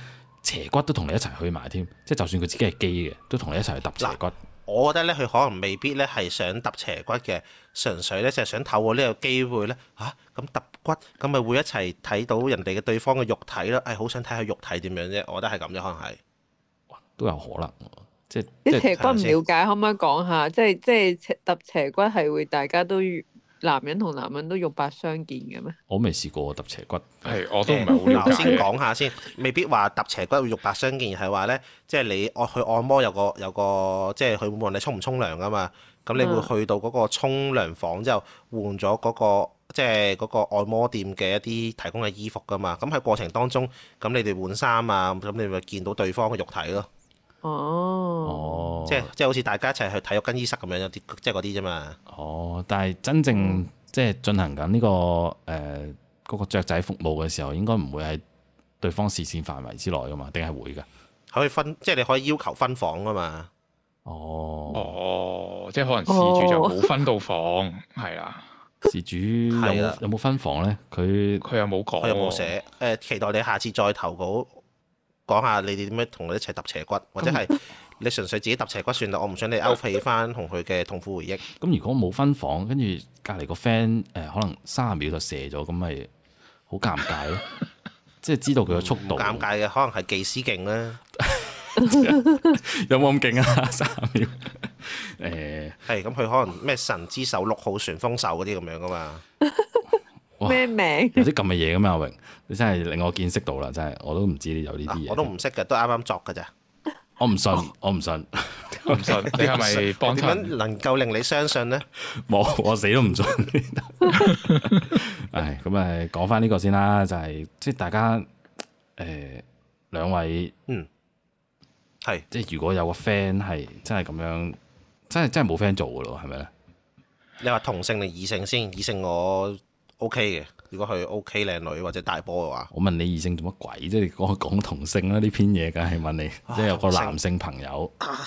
S1: 斜骨都同你一齊去埋添，即係就算佢自己係基嘅，都同你一齊去揼斜骨。
S2: 我覺得咧，佢可能未必咧係想揼邪骨嘅，純粹咧就係想透過呢個機會咧嚇咁揼骨，咁咪會一齊睇到人哋嘅對方嘅肉體咯。誒、哎，好想睇下肉體點樣啫。我覺得係咁啫，可能係，都有可能。即係啲是邪骨唔了
S3: 解，是可唔可以講下？即係即係揼邪骨係會大家都。男人同男人都肉白相見嘅咩？
S1: 我未試過，我揼斜骨，係
S2: 我都唔係好先講下先，未必話揼斜骨會肉白相見，係話咧，即係你按去按摩有個有個即係佢會問你沖唔沖涼㗎嘛，咁你會去到嗰個沖涼房之後換咗嗰個即係嗰個按摩店嘅一啲提供嘅衣服㗎嘛，咁喺過程當中咁你哋換衫啊，咁你咪見到對方嘅肉體咯、啊。哦，即係即係，好似大家一齊去體育更衣室咁樣，有啲即係嗰啲啫嘛。
S1: 哦，但係真正即係進行緊呢、呢個誒嗰、呃嗰個雀仔服務嘅時候，應該唔會喺對方視線範圍之內噶
S2: 嘛？定係會噶？可以分，即係你可以要求分房噶嘛？哦，哦，即係可能事主就冇分到房，係啊、哦？
S4: 事 主有冇分房咧？佢佢有冇講，有冇寫
S2: 誒、呃，期待你下次再投稿。講下你哋點樣同佢一齊揼斜骨，或者係你純粹自己揼斜骨算啦。我唔想你勾起翻同佢嘅痛苦回憶。
S1: 咁如果冇分房，跟住隔籬個 friend 誒，可能三十秒
S2: 就射咗，咁咪好尷尬咧？即係知道佢嘅速度，尷尬嘅，可能係技師勁啦，有冇咁勁啊？三十秒？誒，係咁，佢可能咩神之手、六號旋風手嗰啲咁樣噶嘛？
S1: 咩名有啲咁嘅嘢，咁啊，阿榮，你真係令我見識到啦，真係我都唔知你有呢啲嘢。我
S2: 都唔識嘅，都啱啱作㗎咋。我唔信，我唔信，我唔信。你係咪點樣能夠令你相信咧？冇，我死都唔信。
S1: 唉，咁啊，講翻呢個先啦，就係即係大家誒，兩位嗯，係即係如果有個 friend 係真係咁樣，真係真係冇 friend 做嘅咯，係
S2: 咪咧？你話同性定異性先？異性我。O K 嘅，如果佢 O K 靚女或者大波嘅話，
S1: 我問你異性做乜鬼？即係講講同性啦，呢篇嘢梗係問你，唉即係有個男性朋
S2: 友，啊、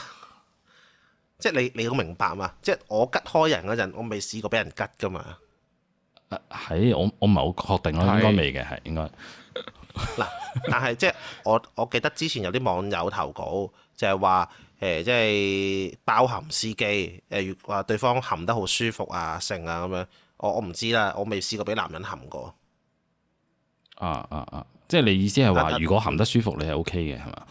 S2: 即係你你要明白嘛？即係我吉開人嗰陣，我未試過俾人吉噶嘛？
S1: 喺、啊、我我唔係好確定咯，應該未嘅，係的應該。
S2: 嗱， 但係即係我我記得之前有啲網友投稿就係、是、話，誒、欸，即、就、係、是、包含司機，誒，話對方含得好舒服啊，性啊咁樣。我我唔知啦，我未試過俾男人含過。
S1: 啊啊啊！即係你意思係話，如果含得舒服，你係 OK
S2: 嘅係嘛？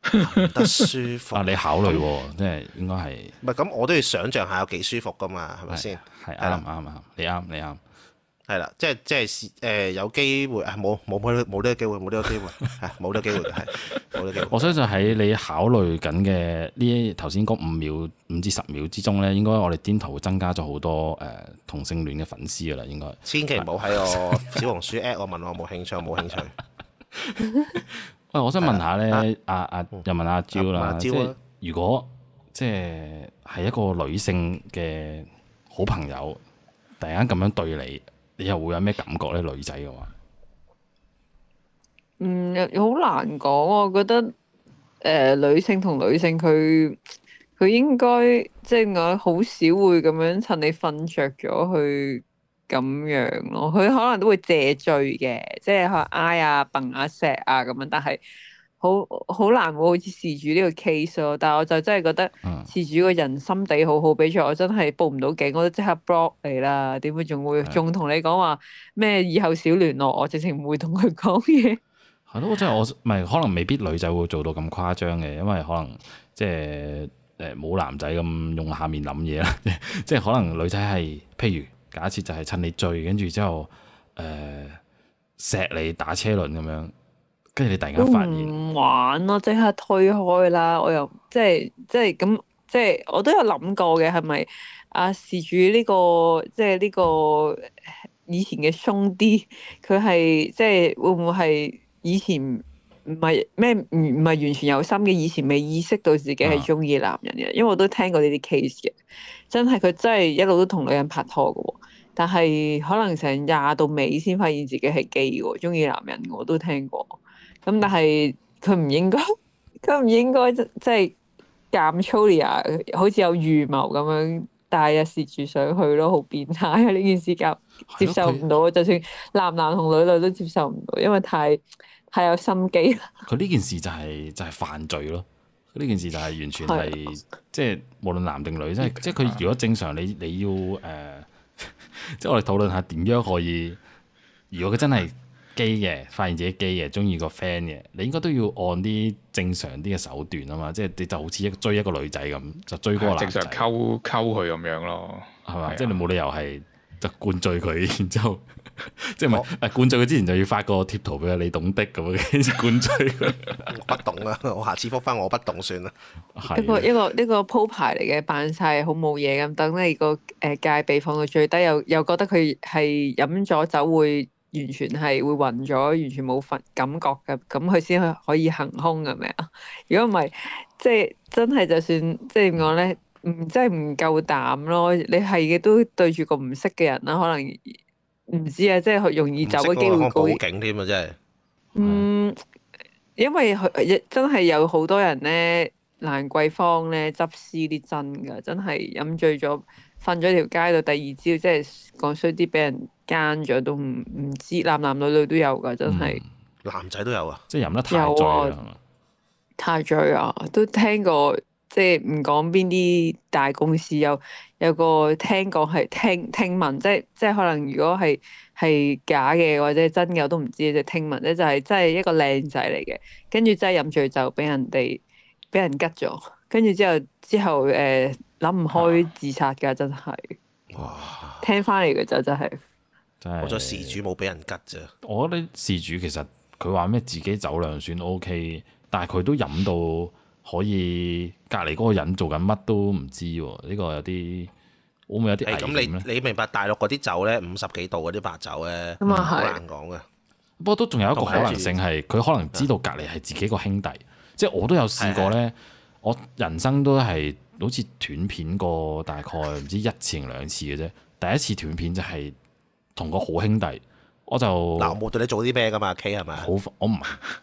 S2: 含得舒服。啊，你考慮，即係應該係。唔係咁，我都要想象下有幾舒服噶嘛？係咪先？係啱唔啱啊？你啱，你啱。係啦、嗯，即係即係，誒、呃，有機會，冇冇冇冇呢個機會，冇呢 個機會，冇、欸、呢個機會，係冇呢個機
S1: 會。 我相信喺你考慮緊嘅呢頭先嗰五秒五至十秒之中咧，應該我哋癲台增加咗好多誒、呃、同性戀嘅粉絲噶
S2: 啦，應該。千祈唔好喺我小紅書 at 我，問我冇興趣，冇興趣。
S1: 喂、 呃，我想問下咧，阿阿、 啊嗯、又問阿 Jill 啦、啊嗯，
S2: 如果即
S1: 係係一個女性嘅好朋友突然間咁樣對你？你又會有咩感覺咧？女仔嘅話，
S3: 嗯，好難講。我覺得，誒、呃，女性同女性佢佢應該即係我好少會咁樣趁你瞓着咗去咁樣咯。佢可能都會借醉嘅，即係佢挨啊、揼啊錫啊咁樣，但係。好好難會好似事主呢個 case 咯。但係我就真係覺得事主個人心地好好，譬如，譬如、嗯、我真係報唔到警，我都即刻 block 你啦。點會仲會仲同的你講話咩？以後少聯絡，我直情唔會同佢講嘢。係咯，真係
S1: 我係可能未必女仔會做到咁誇張嘅，因為可能即係誒冇男仔咁用下面諗嘢啦。 即係可能女仔係，譬如假設就係趁你醉，跟住之後誒錫、呃、你打車輪咁樣。跟住你
S3: 突然間發現，唔玩咯，即刻推開啦！我又即係即係咁，即係我都有諗過嘅，係咪啊？事主呢個即係呢個以前嘅松啲，佢係即係會唔會係以前唔係咩？唔唔係完全有心嘅，以前未意識到自己係中意男人嘅。因為我都聽過呢啲 case 嘅，真係佢真係一路都同女人拍拖嘅，但係可能成廿到尾先發現自己係基喎，中意男人我都聽過。咁、嗯、但係佢唔應該，佢唔應該即係監操利好似有預謀咁樣，大日蝕住上去咯，好變態呀！呢件事夾接受唔到，就算男男同女女都接受唔到，因為太太有心機喇。
S1: 佢呢件事就係、是、就係、是、犯罪咯，呢件事就係完全係即係無論男定女，即係即係佢如果正常，你你要誒，即、呃、係 我哋討論下點樣可以。如果佢真係，基嘅，發現自己基嘅，中意個 friend 嘅，你應該都要按啲正常啲嘅手段啊嘛，即係你就好似追一個女仔咁，就追嗰個男仔，正常溝溝佢咁樣咯，係咪吧？的即係你冇理由係就灌醉佢，然之後即係唔係？Oh. 灌醉佢之前就要發個貼圖俾你，懂的咁樣灌
S2: 醉佢。 我不懂啦，我下次覆返我不懂算啦。一個一
S3: 個呢個鋪排嚟嘅，扮晒好冇嘢咁，等你個誒戒備放到最低，又又覺得佢係飲咗酒會。完全係會暈咗，完全冇份感覺嘅，咁佢先可以行空嘅咩？如果唔係，即係真係就算，即係點講咧？唔，即係唔夠膽咯！你係嘅都對住個唔識嘅人啦，可能唔知啊，即係容易走嘅機會高。報
S2: 警添啊！真係
S3: 是，嗯，因為佢真係有好多人咧，蘭桂坊咧執屍啲真㗎，真係飲醉咗。瞓咗條街度，第二朝即係講衰啲，俾人奸咗都唔唔知，男男女女都有噶，真係、嗯、
S2: 男仔都有啊，即係飲得太醉啦、啊，
S3: 太醉啊，都聽過，即係唔講邊啲大公司有有個聽講係聽聽聞，即係即係可能如果係係假嘅或者真嘅，我都唔知，即係聽聞咧就係真係一個靚仔嚟嘅，跟住真係飲醉就俾人哋俾人吉咗，跟住之後之後誒。諗唔開自殺㗎，真係
S2: 哇！
S3: 聽翻嚟嘅就
S1: 真係。我再事
S2: 主冇俾人吉啫。
S1: 我覺得事主其實佢話咩自己酒量算 OK，但係佢都飲到可以隔離嗰個人做緊乜都唔知喎。呢個有啲會唔會有啲咁，你
S2: 你明白大陸嗰啲酒咧五十幾度嗰啲白酒咧咁啊，係好難講嘅。
S1: 不過都仲有一個可能性係佢可能知道隔離係自己個兄弟，即係我都有試過咧。我人生都係。好似斷片過大概唔知一次兩次嘅啫。第一次斷片就係同個好兄弟，我就嗱
S2: 冇對你做啲咩噶嘛？K 係咪？
S1: 好，我唔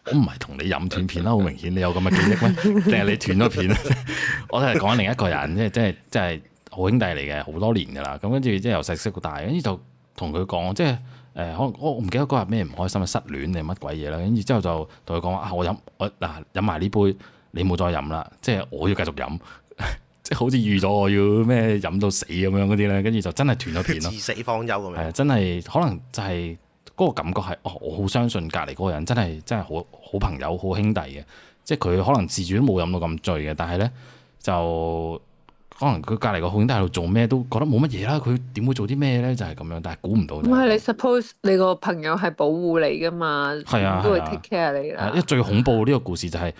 S1: 我唔係同你飲斷片啦。好明顯你有咁嘅記憶咩？定係 你斷咗片啊？ 我都係講另一個人，即係即係即係好兄弟嚟嘅，好多年噶啦。咁跟住即係由細識到大，跟住就同佢講，即係誒，我我唔記得嗰日咩唔開心啊，失戀定乜鬼嘢啦？跟住之後就同佢講話啊，我飲我嗱飲埋呢杯，你冇再飲啦，即係我要繼續飲。 即係好似預咗我要咩飲到死咁樣嗰啲咧，跟住就真係斷咗片咯。至 死方休咁樣。係真係可能就係嗰個感覺係哦，我好相信隔離嗰個人真係真係好好朋友、好兄弟嘅。即係佢可能自主都冇飲到咁醉嘅，但係咧就可能佢隔離個好兄弟喺度做咩都覺得冇乜嘢啦。佢點會做啲咩咧？就係、是、咁樣，但係估唔到。唔
S3: 係你 suppose 你個朋友係保護你噶嘛？係啊，啊都會 take care 你啦、啊。
S1: 因為最恐怖呢個故事就係、是、嗰、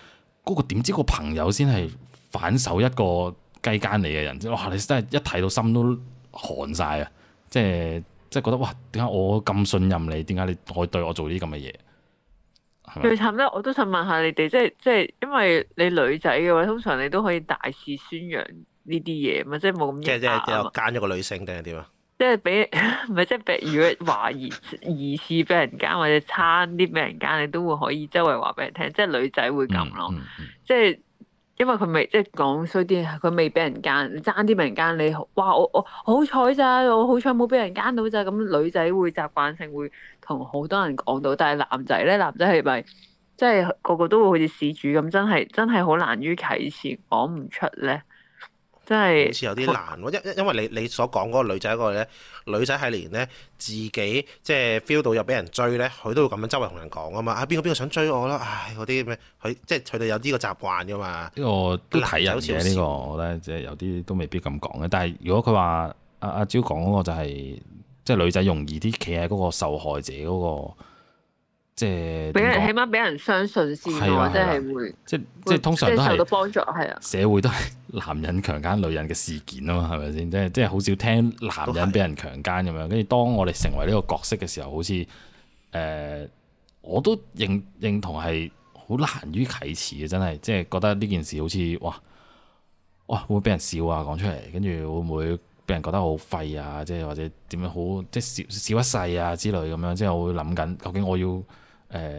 S1: 那個點知個朋友先係反手一個。雞奸你嘅人，哇！你真係一睇到心都寒晒啊！即係即係覺得哇，點解我咁信任你？點解你可以對我做啲咁嘅嘢？
S3: 最慘咧，我都想問下你哋，即係即係，因為你女仔嘅話，通常你都可以大肆宣揚呢啲嘢嘛，即係冇咁
S2: 即係即係即係奸咗個女性定係點啊？
S3: 即係俾唔係即係如果懷疑疑似俾人奸，或者差啲俾人奸，你都會可以周圍話俾人聽，即係女仔會咁咯，即係、嗯。嗯嗯嗯因為佢未即係講衰啲，佢未俾人奸，爭啲俾人奸你。哇！我我好彩咋，我好彩冇俾人奸到咋。咁女仔會習慣性會同好多人講到，但係男仔咧，男仔係咪即係個個都會好似事主咁，真係真係好難於啟示，講唔出咧。
S2: 真係似、哎、有啲難喎，因因因為你你所講嗰個女仔嗰個咧，女仔係連咧自己即係 feel 到有俾人追咧，佢都會咁樣周圍同人講啊嘛，啊邊個邊個想追我啦，唉嗰啲咩佢即係佢哋有呢個習慣噶嘛。
S1: 呢個都睇人嘅呢、呢個呢個，我覺得即係有啲都未必咁講嘅。但係如果佢話阿阿招講嗰個就係、係、即係女仔容易啲企喺嗰個受害者嗰、嗰個。即係起碼俾人
S3: 相信先，或者
S1: 係會即即係通常都係受
S3: 到幫助，係啊！
S1: 社會都係男人強姦女人嘅事件啊嘛，係咪先？即係即係好少聽男人俾人強姦咁樣，跟住是當我哋成為呢個角色嘅時候，好似誒、呃、我都認認同係好難於啟齒啊，真係即係覺得呢件事好似哇哇會唔會俾人笑啊，講出嚟，跟住會唔會俾人覺得好廢啊？即係或者點樣好即係笑笑一世啊之類咁樣，即係我會諗緊究竟我要。誒俾、呃、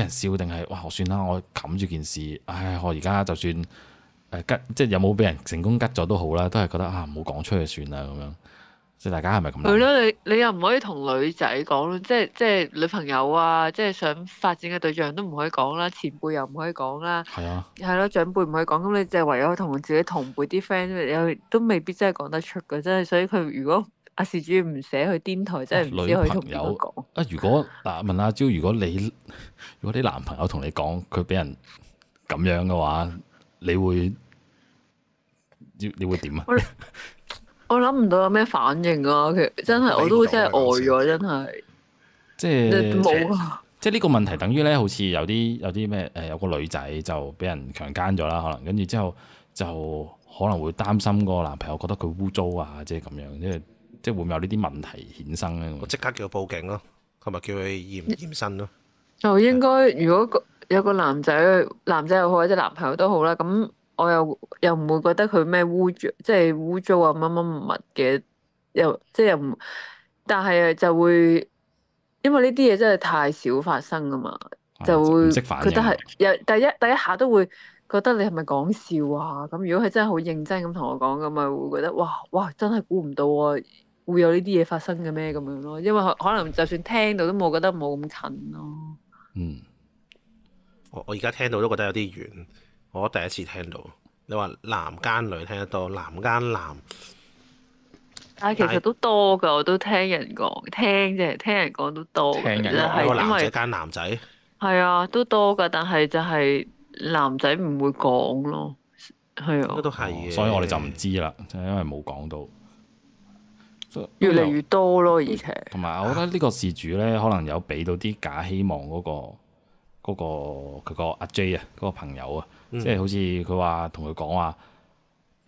S1: 人笑定係哇？算啦，我冚住件事。唉，我而家就算誒吉、呃，即係有冇俾人成功吉咗都好啦，都係覺得啊，唔好講出去算啦咁樣。即係大家係咪咁樣？
S3: 係咯，你你又唔可以同女仔講咯，即係即係女朋友啊，即係想發展嘅對象都唔可以講啦，前輩又唔可以講啦。係啊。係咯，長輩唔可以講，咁你就唯有同自己同輩啲 friend 有都未必真係講得出嘅，真係。所以佢如果，阿事主唔寫去癲台，真係唔知佢同邊個講。
S1: 啊，如果嗱、啊、問阿蕉，如果你如果啲男朋友同你講佢俾人咁樣嘅話，你會你你會點啊？
S3: 我諗唔到有咩反應啊！佢真係我都真係呆咗，真係
S1: 即係冇啊！即係呢個問題等於咧，好似有啲有啲咩誒，有個女仔就俾人強姦咗啦，可能跟住之後就可能會擔心個男朋友覺得佢污糟啊，即係咁樣，即係。即係會唔會有呢啲問題衍生咧？我即刻
S2: 叫佢報警咯、啊，同咪叫佢驗驗身咯、
S3: 啊。就應該如果個有個男仔，男仔又好或者男朋友都好啦，咁我又又唔會覺得佢咩污糟，即係污糟啊乜乜物嘅，又即係又唔，但係就會，因為呢啲嘢真係太少發生噶嘛，就會佢都係有第一第一，第一下都會覺得你係咪講笑啊？咁如果係真係好認真咁同我講咁咪，會覺得哇哇真係估唔到啊！會有呢啲嘢發生嘅咩咁樣咯？因為可能就算聽到都冇，覺得冇咁近咯。嗯，
S2: 我我而家聽到都覺得有啲遠。我第一次聽到，你話男奸女聽得多，男奸男，
S3: 但係其實都多噶。我都聽人講，聽啫，聽人講都多。聽人係因為男仔奸男仔。係啊，都多噶，但係就係男仔唔會講咯。係啊，都係嘅。所以我哋
S1: 就唔知啦，就係因為冇講到。
S3: 越嚟越多咯，而且
S1: 同埋，我覺得呢個事主咧，可能有俾到啲假希望嗰個嗰個佢個阿 J 啊，嗰個朋友啊，即係好似佢話同佢講話，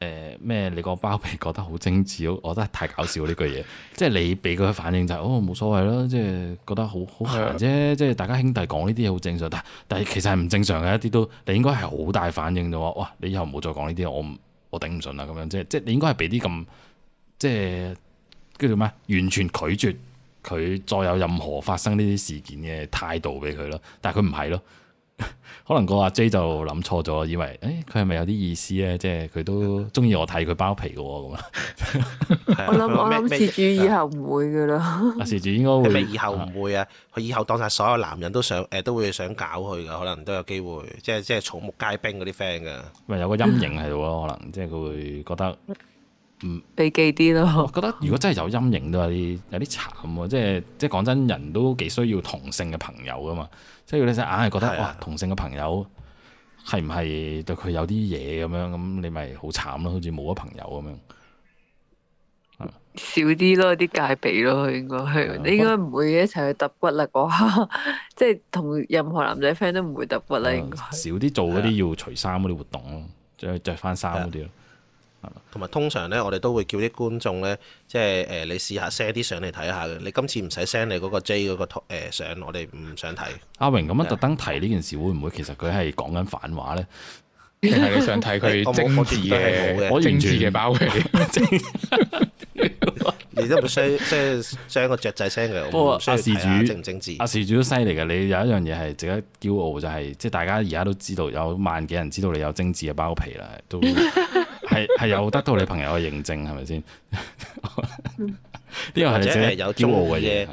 S1: 誒咩？你個包皮覺得好精緻，我覺得太搞笑呢句嘢。 即係你俾佢反應就係、是、哦，冇所謂啦，即係覺得好好閒啫。的即係大家兄弟講呢啲嘢好正常，但但係其實係唔正常嘅一啲都，你應該係好大反應就話，哇！你以後唔好再講呢啲，我我頂唔順啦，咁樣即即係你應該係俾啲咁即係。即叫做咩？完全拒絕佢再有任何發生呢啲事件嘅態度俾佢咯。但係佢唔係咯，可能個阿 J 就諗錯咗，以為，誒、欸，佢係咪有啲意思咧？即係佢都中意我睇佢
S2: 包皮嘅喎咁啊！我諗我諗事主以
S3: 後唔會嘅啦。
S2: 事主應該會，咩以後唔會啊？佢以後當晒所有男人都想，誒、欸，都會想搞佢嘅，可能都有機會，即係即係草木皆兵嗰啲 friend 嘅。
S1: 咪 有個陰影喺度咯，可能即係佢會覺得。嗯，避忌啲咯。我覺得如果真係有陰影都有啲有啲慘喎，即係即係講真，人都幾需要同性嘅朋友噶嘛。即係你硬係覺得哇，同性嘅朋友係唔係對佢有啲嘢咁樣？咁你咪好慘咯，好似冇咗朋
S3: 友咁樣。少啲咯，啲戒備咯，應該係，你應該唔會一齊去揼骨啦。嗰下即係同任何男仔 friend 都唔會揼骨啦。應
S1: 該少啲做嗰啲要除衫嗰啲活動咯，再著翻衫嗰啲咯。
S2: 同埋通常咧，我哋都會叫啲觀眾咧，即係誒、呃，你試下 send 啲相嚟睇下嘅。你今次唔使 send 你嗰個 J 嗰個誒相，我哋唔想睇。
S1: 阿榮咁樣特登提呢件事，會唔會其實佢
S2: 係講緊反話咧？你想睇佢、 欸、精緻嘅，我精緻嘅包皮。
S3: 轉
S2: 你都唔 s e n 即係 s e 個雀仔 send 嘅。我不過事主，唔精緻？阿
S1: 事、啊、主都犀利嘅。你有一樣嘢係值得驕傲，就係、是、即係大家而家都知道有萬幾人知道你有精緻嘅包皮啦，都。 係係有得到你朋友嘅認證，係咪先？啲或者有驕傲嘅嘢。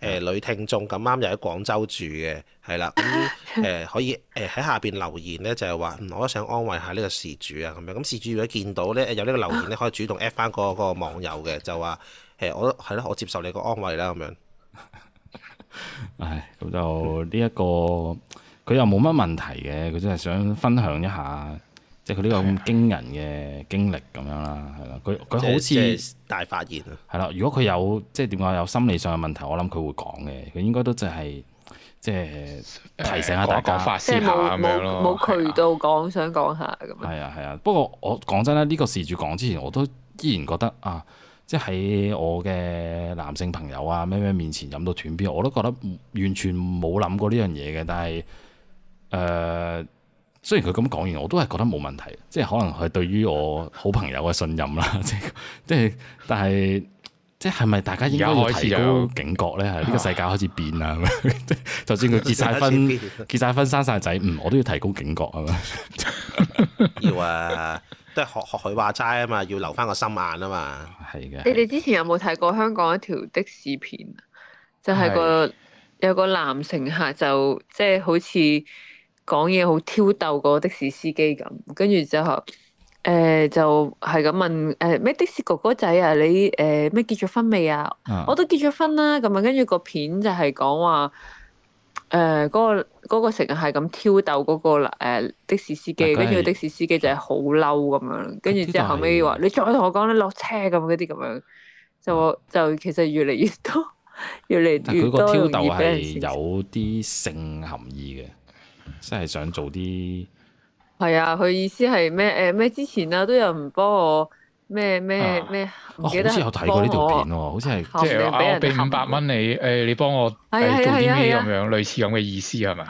S2: 誒，女聽眾咁啱又喺廣州住嘅，係啦。咁誒可以誒喺下邊留言咧，就係話我都想安慰下呢個事主啊，咁樣。咁事主如果見到咧，有呢個留言咧，可以主動 at 翻嗰個網友嘅，就話誒，我係咯，我接受你個安慰啦，咁樣。
S1: 唉，咁就呢一個佢又冇乜問題嘅，佢真係想分享一下。即係佢呢個咁驚人嘅經歷咁樣啦，係啦的，佢佢好似的的大發現係啦。如果佢有即係點解有心理上嘅問題，我諗佢會講嘅。佢應該都就係即係提醒下大家，的即係冇冇
S3: 渠道講，的想講下咁。
S1: 係啊係啊，不過我講真啦，呢個事主講之前，我都依然覺得啊，即係喺我嘅男性朋友啊咩咩面前飲到斷片，我都覺得完全冇諗過呢樣嘢嘅。但係誒。呃雖然佢咁講完，我都係覺得冇問題，即係可能係對於我好朋友嘅信任啦，即係即係，但係即係咪大家應該提高警覺咧？係呢個世界開始變啦，咁、啊、 就算佢結晒婚、結晒婚、生晒仔，唔，我都要提高警覺啊！
S2: 要啊， 都係學學佢話齋啊嘛，要留翻個心眼啊嘛，係嘅，你
S3: 哋之前有冇睇過香港一條的士片就係、是、個的的有個男乘客就即係、就是、好似。講嘢好挑逗個的，的士司機咁，跟住之後，誒、呃、就係咁問，誒、呃、咩的士哥哥仔啊，你誒咩、呃、結咗婚未啊？嗯、我都結咗婚啦。咁啊，跟住個片就係講話，誒、呃、嗰、那個、那個成日係咁挑逗嗰、那個誒、呃、的士司機，跟住的士司機就係好嬲咁樣，跟住之後後尾話你再同我講你落車咁嗰啲咁樣，嗯、就就其實越嚟越多， 越嚟越多挑逗係有
S1: 啲性含義嘅。真係想做啲
S3: 係啊，佢意思係咩？誒咩？之前啊，都有人唔幫我咩咩咩，唔記得。我好似有睇過呢條片喎，好似係即係我俾五
S4: 百蚊你，誒你幫我做啲咩咁樣，類似咁嘅意思係嘛？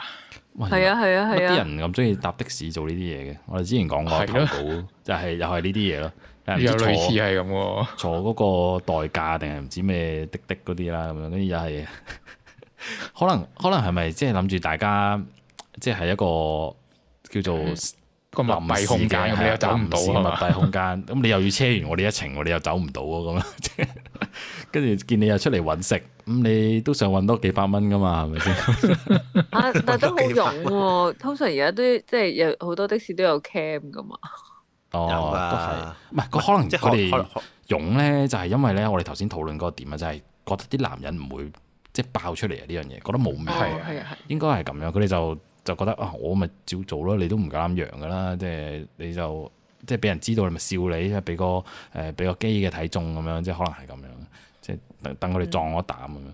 S4: 係啊係啊係啊！啲人咁中意搭的士做呢啲嘢嘅，我哋之前講過投稿，就係又係呢啲嘢咯。又
S1: 類似係咁喎，坐嗰個代駕定係唔知咩滴滴嗰啲啦咁樣，嗰啲又係可能可能係咪即係諗住大家？即係一個叫做
S4: 個密閉空間，你又走唔到密閉空
S1: 間咁，你又要車完我呢一程，我哋又走唔到咁樣。跟住見你又出嚟搵食，咁你都想搵多幾百蚊噶嘛？係咪先？
S3: 但係都好勇喎。通常而家都即係有好多的士都有 cam 噶嘛。哦，
S1: 都係唔係？佢可能佢哋勇呢，就係因為呢，我哋頭先討論過點啊，就係覺得啲男人唔會即係爆出嚟啊呢樣嘢，覺得冇面係啊係啊係，應該係咁樣。佢哋就。就覺得啊，我咪照做咯，你都唔夠膽揚噶啦，即係你就即係俾人知道，你咪笑你，即俾個誒俾、呃、個機嘅睇重咁樣，即係可能係咁樣，即係等等佢哋撞我膽咁樣。誒、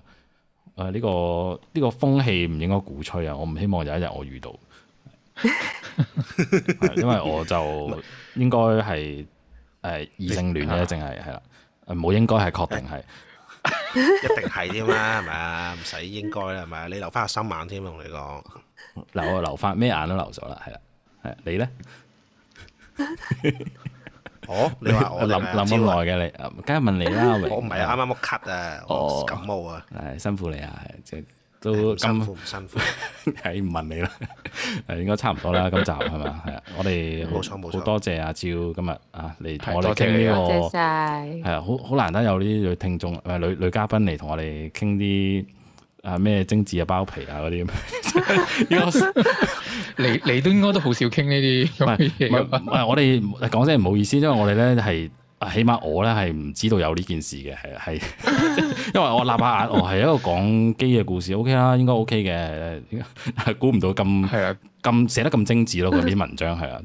S1: 呃、呢、呢個呢、呢個風氣唔應該鼓吹啊，我唔希望有一日我遇到， 因為我就應該係誒
S2: 異性戀咧，
S1: 淨係係啦，唔好應該係確定係、哎、
S2: 一定係添啦，係咪啊？唔使應該啦，係咪？你留翻個心眼添同你講。嗱，我留翻咩眼都留咗啦，係啦，係你咧？哦，你話我諗諗咁耐嘅
S1: 你，梗係問你啦。我唔係啊，啱啱好咳啊，我感冒啊。係辛苦你啊，係即係都辛苦唔辛苦？係唔問你啦，係應該差唔多啦，今集係嘛？係啊，我哋冇錯冇錯，好多謝阿趙今日啊嚟同我哋傾呢個係啊，好好難得有啲女聽眾誒女女嘉賓嚟同我哋傾啲。啊咩精緻啊包皮啊嗰啲咁，你你都應該都好少傾呢啲。唔係，唔係我哋講真係唔好意思，因為我哋咧係，起碼我咧係唔知道有呢件事嘅，係係。因為我眨下眼，我係一個講機嘅故事，OK 啦，應該 OK 嘅，估唔到咁係啊，咁寫得咁精緻咯嗰啲文章係啊。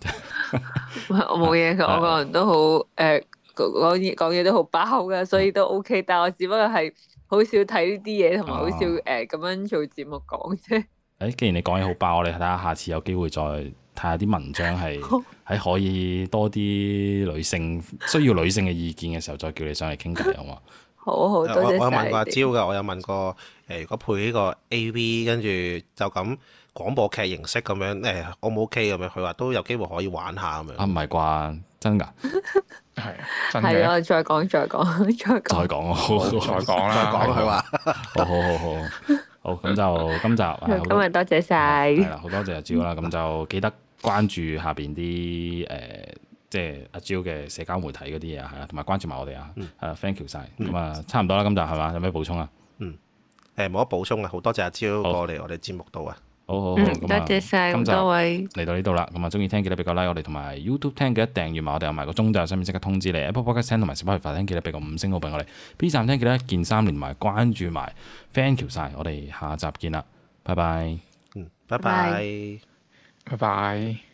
S3: 我冇嘢嘅，我個人都好誒講講嘢都好包嘅，所以都 OK。但係我只不過係。好少睇呢啲嘢，同埋好少誒咁、啊呃、樣做節目講
S1: 啫。誒，既然你講嘢好爆， 我哋睇下下次有機會再睇下啲文章係係 可以多啲女性需
S2: 要女性嘅意見嘅時候，再叫你上嚟傾偈
S1: 好嘛？
S3: 好， 好，好我有問過阿
S1: 招
S2: 㗎，我有問過誒、呃，如果配呢個 AV 跟住就咁廣播劇形式咁樣誒，O 唔 O K 咁樣？佢、哎、話都有機會可以玩下咁樣。啊，唔係啩？真噶，係啊，係啊，
S3: 再講，再講，再講，再講，再講啦，再講佢話，
S1: 好，好好好，好，咁就今集，今日
S3: 多謝晒，係啦，
S1: 好多謝阿招啦，咁就記得關注下邊啲誒，即係阿招嘅社交媒體嗰啲
S2: 嘢係啊，同埋關注埋我哋啊，誒，thank you 晒，咁啊，差唔多啦，今集係嘛，有咩補充啊？嗯，誒，冇得補充啊，好多謝阿招過嚟我哋節目度啊。好好，好、嗯嗯、多謝晒咁多
S4: 位
S1: 嚟到呢度啦，咁啊中意，聽記得俾個 like 我哋，同埋 YouTube 聽記得訂閱埋，我哋有埋個鐘仔上，上面即刻通知你，Apple Podcast 同埋 Spotify 聽記得俾個五星好評我哋 B 站，聽記得一鍵三連埋關注埋，thank you 晒，我哋下集見啦，拜拜，拜拜，拜拜。